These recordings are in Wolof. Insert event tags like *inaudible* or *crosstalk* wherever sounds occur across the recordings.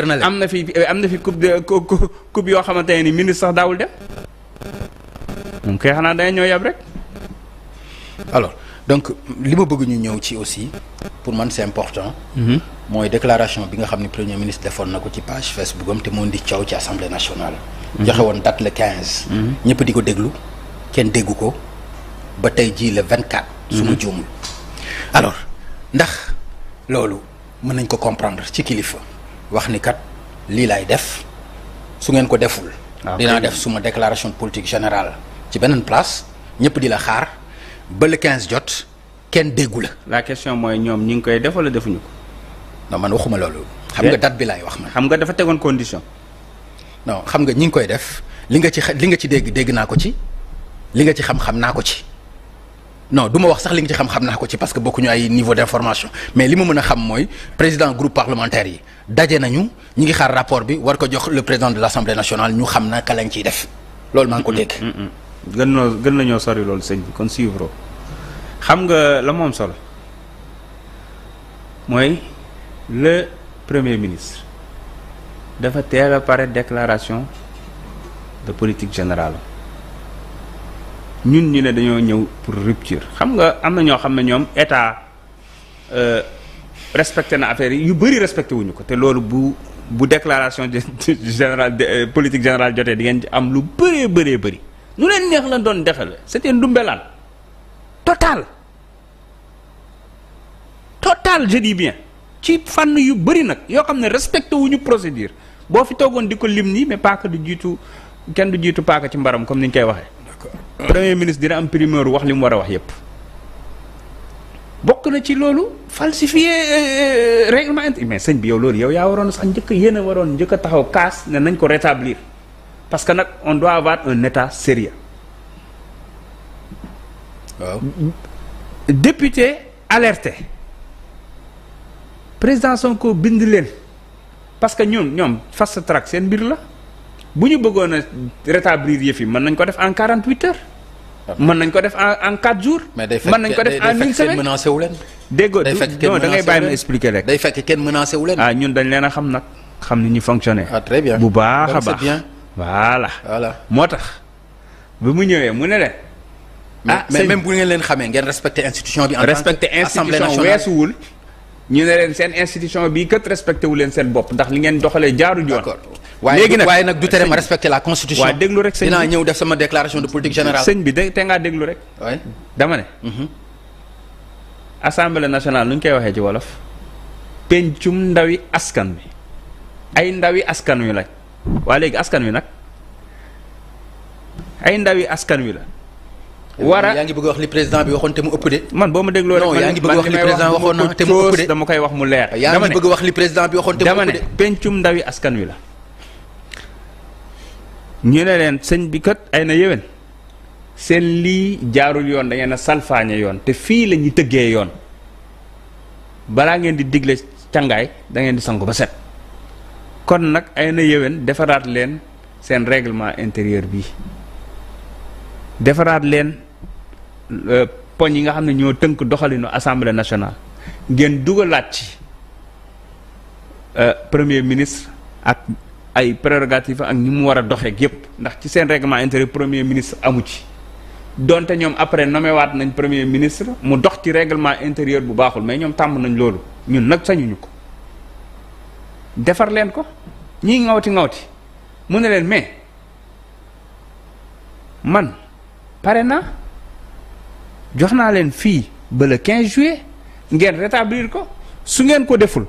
am na fi am na fi coupe yoo xamante ne ni ministre sax daawul dem moom xanaa dañu ñoo yab rek. alors donc li ma bëgg ñu ñëw ci aussi pour man c'est important. Mm mooy déclaration bi nga xam ne premier ministre defoon na ko ci page Facebook am te moo di coow ci assemblée nationale. Mhm. joxe woon date le mhm. ñëpp di ko déglu kenn déggu ko ba tey jii le vingt quatre. Mhm. su ma juumul ndax loolu mën nañ ko comprendre ci kilifa. wax ni kat lii laay def su ngeen ko deful. Ah, dinaa def suma déclaration politique général ci beneen place ñëpp di la xaar ba le 15 jot kenn déggu la. la question mooy ñoom ñu ngi koy def wala defuñu ko. non man waxuma loolu. xam nga dat bi laay wax ma xam nga dafa tegoon condition. non xam nga ñi ngi koy def li nga ci li nga ci dégg dégg naa ko ci li nga ci xam-xam naa ko ci. non du wax sax li nga ci xam-xam naa ko ci parce que bokkuñu ay niveau d'information mais li ma mën a xam mooy président groupe parlementaire yi daje nañu ñu ngi xaar rapport bi war ko jox le président de l'Assemblée nationale ñu xam naka lañ ciy def loolu maa ko dégg. gën na gën nañoo sori loolu sëñ bi kon suivre xam nga la moom sol mooy le premier ministre dafa teel a pare déclaration de politique générale. ñun ñu ne dañoo ñëw pour rupture xam nga am na ñoo xam ne ñoom état euh, respecté na affaire yi yu bëri respecté wuñu ko te loolu bu bu déclaration générale euh, politique générale jotee di ngeen ci am lu bëree bëree bëri nu leen neex la doon defal c'était ndumbelaan total total je dis bien ci fànn yu bëri nag yoo xam ne respecté wuñu procédure boo fi toogoon di ko lim nii mais paaka du jiitu kenn du jiitu paaka ci mbaram comme ni ñu koy waxee premier ministre dina am primeur wax li mu war a wax yépp bokk na ci loolu falsifier euh, euh, règlement intérieur mais sëñ bi yow loolu yow yaa waroon sax njëkk yéen waroon njëkk a taxaw kaas ne nañ ko rétablir parce que nag on doit avoir un état sérieux waaw député alerté président Sonko bind leen parce que ñun ñoom fast track seen mbir la bu ñu bëggoon a rétablir yëf yi mën nañ ko def en 48 heures. mën nañ ko def en en 4 jours. mën nañ ko def en une semaine mais day fekk day fekk kenn menacé wu leen. dégg nga non bàyyi ma expliquer rek. day fekk kenn menacé wu leen. ah ñun dañ leen a xam nag xam ni ñu fonctionner. ah très bu baax a baax voilà. voilà moo tax bi mu ñëwee mu ne leen. ah mais même bu ngeen leen xamee ngeen respecté institution bi. en tant que respecté institution weesuwul. ñu ne leen seen institution bi kat respecté wu leen bopp ndax li ngeen doxalee jaaru joon léegi nag waaye nag du tere ma respecter la constitution. waaw déglu rek sëñ bi dinaa ñëw def sama déclaration de politique générale. sëñ bi de te ngaa déglu rek. dama ne. Mm-hmm. assemblée nationale nu ñu koy waxee ci wolof. pencum ndawi askan wi. ay ndawi askan wi lañ. waa léegi askan wi nag ay ndawi askan wi la. Eh, war a yaa ngi bëgg wax li président bi waxoon te mu ëpp de. man boo ma dégloo rek man yaa ngi bëgg wax li président waxoon na te mu ëpp de dama koy wax mu leer. dama ne yaa ngi bëgg wax li président bi waxoon te mu ëpp de. dama ne pencum ndawi askan wi la. ñu ne leen sëñ bi kat ay na yéwén seen lii jaarul yoon da ngeen a salfaañe yoon te fii lañuy tëggee yoon balaa ngeen di digle cangaay da ngeen di sangu ba set kon nag ay na yéwén defaraat leen seen règlement intérieur bi defaraat leen euh, poñ yi nga xam ne ñoo tënk doxalinu assemblée nationale ngeen dugalaat ci euh, premier ministre ak ay prérogatives ak ni mu war a doxeek yépp ndax ci seen règlement intérieur premier ministre amu ci donte ñoom après nommé waat nañ premier ministre mu dox ci réglement intérieur bu baaxul mais ñoom tàmm nañ loolu ñun nag sañuñu ko defar leen ko ñi ngawti ngawti mu ne leen mais man pare na jox naa leen fii ba le 15 juillet ngeen rétablir ko su ngeen ko deful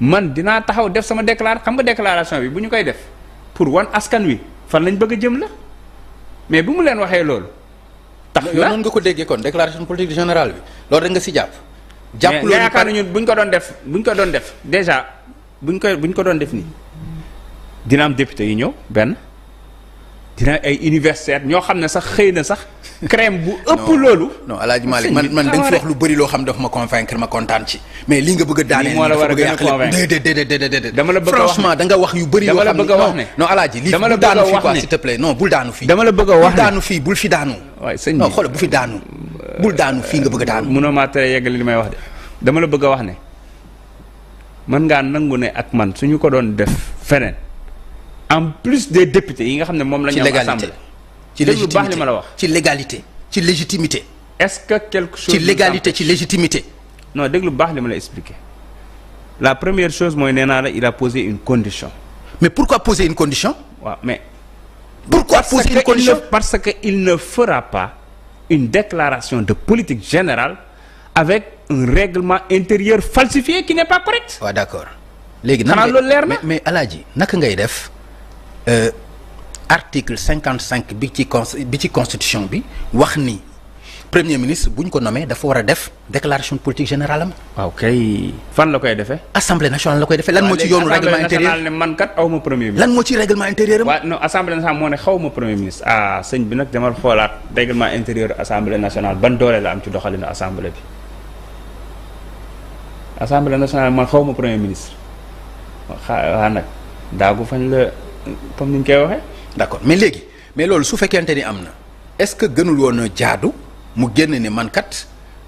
man dinaa taxaw def sama déclaration xam nga déclaration bi bu ñu koy def pour wan askan wi fan lañ bëgg a jëm la mais bu mu leen waxee loolu. tax na noonu nga ko déggee kon déclaration politique générale bi loolu rek nga si jàpp. jàpp loolu yaakaar nañu bu ñu ko doon def bu ñu ko doon def déjà bu ñu koy bu ñu ko doon def nii dina am député yi ñëw benn. dina ay universitaire ñoo xam ne sax xëy na sax crème bu ëpp loolu non alaaji Malick man man ah, da nga fi wax lu bari loo xam daf ma convaincre ma kontaan ci mais li nga bëgg a la war a gën a a nga wax yu bëri yoo xam ne non alaaji lii bul daanu fii quoi s'il te plaît non bul daanu fii dama la bëgg a wax bul daanu bul fi daanu waay sëñ bi non bu fi daanu bul daanu fii nga bëgg a daanu mënoo maa tere yeggali li may wax de dama la bëgg a wax ne mën ngaa nangu ne ak man su ñu ko doon def feneen en plus des députés yi nga xam ne moom la ñu am assemblée ci légalité baax li ma la wax ci légalité ci légitimité est-ce que quelque chose ci légalité ci légitimité non déglu baax li ma la expliquer la première chose mooy nee naa la il a posé une condition mais pourquoi poser une condition waaw mais pourquoi parce poser une condition ne, parce que il ne fera pas une déclaration de politique générale avec un règlement intérieur falsifié qui n'est pas correct waaw ouais, d'accord léegi na mais ngay def Euh, article cinquante cinq bi ci con ci constitution bi wax ni premier ministre bu ñu ko nommé dafa war a def déclaration politique générale am. waaw kay fan la koy defee. assemblée nationale la koy defee lan moo ci yoonu. règlement intérieur ne man kat aw moo ci règlement intérieur am. waaw non assemblée nationale moo ne xaw ma premier ministre. ah sëñ bi nag demal xoolaat règlement intérieur assemblée nationale ban doole la am ci doxalinu assemblée bi. assemblée nationale man xaw ma premier ministre xaa nag daagu fañ la. comme ni ñu koy waxee. d'accord mais léegi mais loolu su fekkente ni am na est-ce que gënul woon jaadu mu génn ne man kat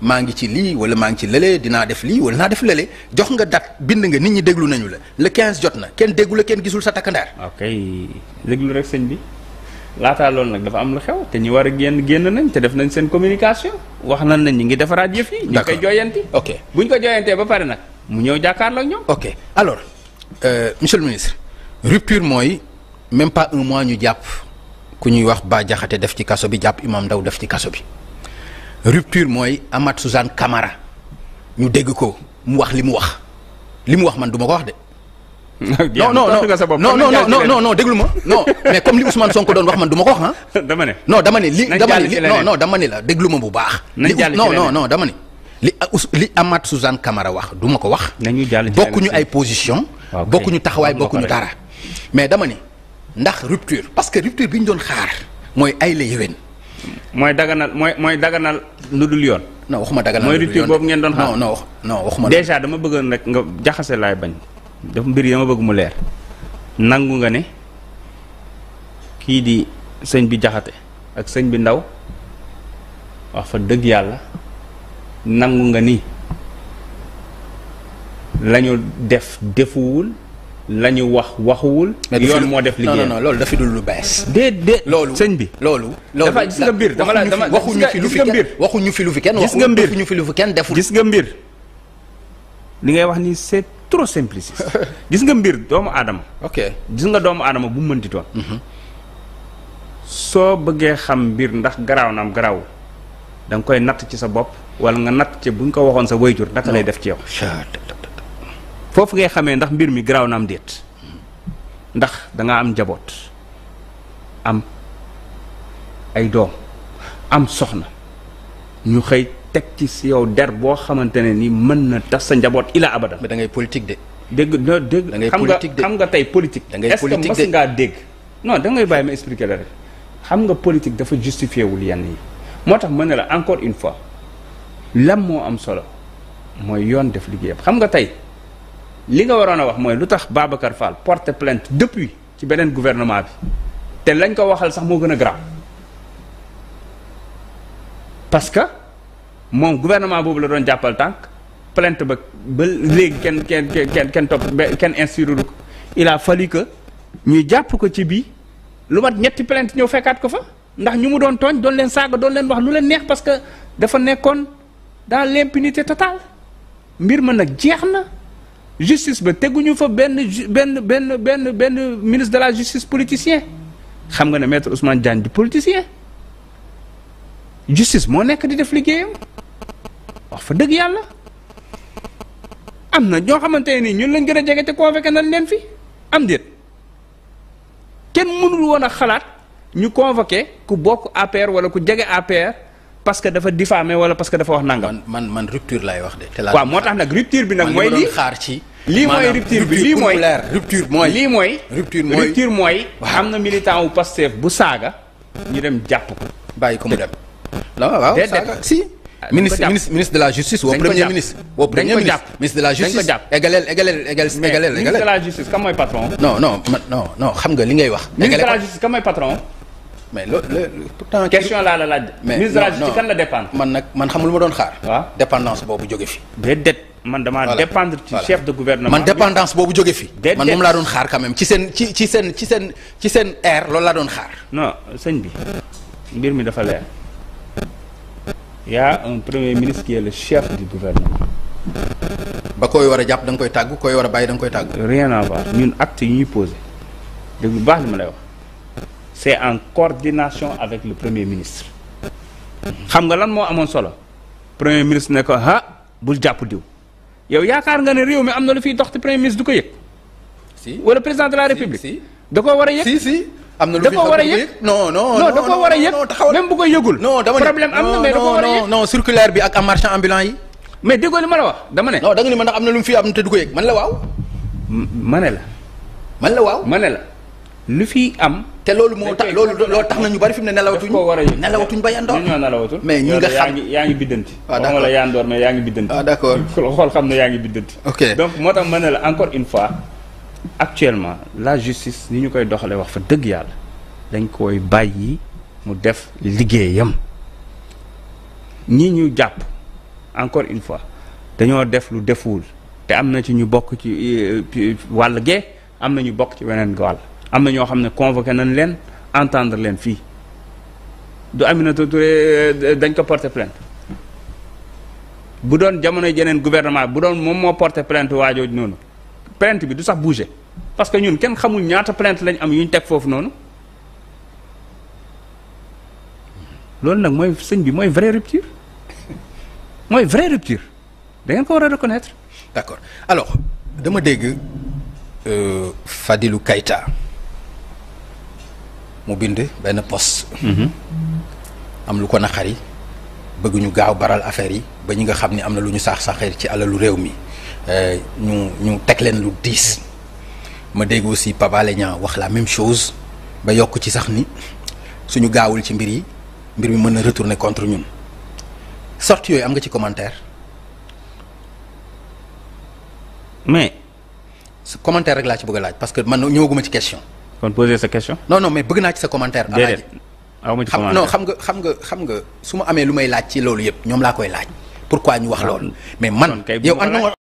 maa ngi ci lii wala maa ngi ci lële dinaa def lii wala naa def lële jox nga date bind nga nit ñi déglu nañu la le 15 jot na kenn déggu la kenn gisul sa takkandaar. ok ah, déglu rek sëñ bi laataa loolu nag dafa am lu xew te ñu war a génn génn nañ te def nañ seen communication wax nañ nañ ñi ngi defaraat yëf yi. ñu koy jooyanti. ok bu ko jooyantee ba pare nag mu ñëw jàkkaarloo ñoom. ok alors euh, monsieur le rupture mooy même pas un mois ñu jàpp ku ñuy wax Bah Diakhaté def ci kaso bi jàpp Imam Ndaw def ci kaso bi rupture mooy Amath Suzanne kamara ñu dégg ko mu wax li mu wax li mu wax man du ma ko wax de. *laughs* non non non non non non déglu ma non mais comme li Ousmane Sonko doon wax man duma ko wax ah. *laughs* dama ne li dama ne non ma bu baax. nañ dama ne. li li Amath Suzanne Camara wax duma ko wax. nañu jàll bokkuñu ay position bokkuñu taxawaay bokkuñu dara. mais dama ne ndax rupture parce que rupture bi ñu doon xaar mooy ay la yéwén. mooy daganal mooy mooy daganal lu dul yoon. non waxuma daganal lu dul yoon mooy rupture boobu ngeen doon xaar. non non non waxuma. déjà dama bëggoon rek nga jaxase laay bañ. dafa mbir yi dama bëgg mu leer. nangu nga ne kii di sëñ bi jaxate ak sëñ bi ndaw wax fa dëgg yàlla nangu nga ni lañu def defuwul. la ñu wax waxuwul. yoon moo def liggéey non non loolu dafa dul lu bees. déedéet loolu sëñ bi. loolu loolu dafa gis nga mbir dama la dama lu fi kenn waxuñu fi fi kenn. gis nga mbir waxuñu fi lu kenn deful. gis nga mbir ngay wax ni c'est trop simpliste *laughs* gis nga mbir doomu aadama. ok gis nga doomu aadama bu mu mënti doon. Mhm. soo bëggee xam mbir ndax garaaw naam garaawul da nga koy natt ci sa bopp wala nga natt ci buñ ko waxoon sa wayjur naka lay def ci yow. foofu ngay xamee ndax mbir mi garaw na am déet ndax danga am njaboot am ay doom am soxna ñu xëy teg ci si yow der boo xamante ne ni mën na tas sa njaboot ila abadan. mais da ngay politique de. dégg nga dégg da ngay politique xam nga tey politique. da ngay politique de est ngaa dégg. non da ngay bàyyi ma expliquer la rek xam nga politique dafa justifié wul yenn yi moo tax ma ne la encore une fois lan moo am solo mooy yoon def liggéeyam xam nga tey. li nga waroon a wax mooy lu tax Babacar Fall porte plainte depuis ci beneen gouvernement bi te lañ ko waxal sax moo gën a grave parce que moom gouvernement boobu la doon jàppal tànk plainte ba ba léegi kenn kenn kenn kenn topp kenn instruire ko il a ñuy jàpp ko ci bii lu mat ñetti plainte ñëw fekkaat ko fa ndax ñu mu doon tooñ doon leen saaga doon leen wax lu leen neex parce que dafa nekkoon daa l'impunité totale mbir ma nag jeex na. justice ba teguñu fa benn benn benn benn benn ministre de la justice politicien xam nga ne maître Ousmane Diagne du politicien justice moo nekk di def liggéeyam wax fa dëgg yàlla am na ñoo xamante ne nii ñun lañ gën a jege te convoqué nañ leen fi am déet kenn mënul woon a xalaat ñu convoqué ku bokk APR wala ku jege APR. parce que dafa diffamé wala parce que dafa wax nangam. man man rupture lay wax de. te waaw moo tax nag rupture bi nag. mooy lii xaar ci. lii mooy rupture bi lii mooy rupture mooy. lii am na militant wu Pastef bu saaga. ñu dem jàpp ko. bàyyi ko mu dem. non waaw saaga si. ministre ministre de la justice. woo premier ministre woo premier ministre. ministre de la justice dañ ko jàpp. égaleel égaleel ministre de la justice kan mooy patron. non non xam nga li ngay wax. égaleel ministre de mais loolu pourtant. question laa la laaj. mais non ministre ci kan la dépendre. man nag man xam lu ma doon xaar. waaw dépendance boobu jóge fi. déedéet man damaa dépendre. ci chef de gouvernement man dépendance boobu jóge fi. man moom laa doon xaar quand ci seen ci ci seen ci seen ci seen air loolu laa doon xaar. non sëñ bi mbir mi dafa leer y a un premier ministre qui est le chef du gouvernement. ba koy war a jàpp danga koy tàggu koy war a bàyyi danga nga koy tàggu. rien à voir ñun acte yi ñuy posé dégg baax li ma lay wax. c'est en coordination avec le premier ministre xam nga lan moo amoon solo premier ministre ne ko bul jàpp diw yow yaakaar nga ne réew mi am na lu fiy dox te premier ministre du ko yëg. si wala président de la république. si da koo war a yëg am na da koo war a yëg non non non da koo war a yëg bu ko yëgul. na da war a yëg non circulaire bi ak am marchand ambulant yi. mais déggoo li ma la wax dama ne. non da nga ni ma ndax am na lu mu fi am te du ko yëg man la waaw. ma ne la. man la waaw ma ne la lu fi am. te loolu moo tax loolu loolu tax na ñu bari fi mu ne nelawatuñ nelawatuñ ba yandoor ñoo nelawatul mais ñi nga xam yaa ngi biddanti ah, waaw d'accord la yandoor mais yaa ngi biddanti ah d'accord *laughs* xool xam ne yaa ngi biddanti donc moo tax ma ne la encore une fois actuellement la justice ni ñu koy doxalee wax fa dëgg yàlla dañ koy bàyyi mu def liggéeyam ñi ñu jàpp encore une fois dañoo def lu defuwul te am na ci ñu bokk euh, ci wàll gee am na ñu bokk ci weneen wàll am na ñoo xam ne convoqué nañ leen entendre leen fii du Aminata Touré euh, dañ ko porter plainte bu doon jamono jeneen gouvernement bu doon moom moo porter plainte waajooju noonu plainte bi du sax bouger parce que ñun kenn xamul ñaata plainte lañu am yu ñu teg foofu noonu loolu nag mooy sëñ bi mooy vraie rupture mooy vraie rupture da ko war a reconnaître. d'accord alors dama dégg fadilu euh, Fadilou mu bind benn poste. Mhm. am lu ko naqari bëgg ñu gaaw baral affaire yi ba ñu nga xam ni am na lu ñu saax saaxee ci alalu réew mi euh, ñu ñu teg leen lu diis ma dégg aussi Pape Alé wax la même chose ba yokk ci sax ni suñu gaawul ci mbir yi mbir mi mën na retourner contre ñun sorties yooyu am nga ci commentaire. mais. su commentaire rek laa ci bëgg a laaj parce que man ñëwaguma ci question. kon poser sa question. non non mais bëgg naa ci sa commentaire. déedéet aw ma ci commentaire non xam nga xam nga xam nga su ma amee lu may laaj ci loolu yëpp ñoom laa koy laaj. pourquoi ñu wax ah. loolu. mais man yow ànd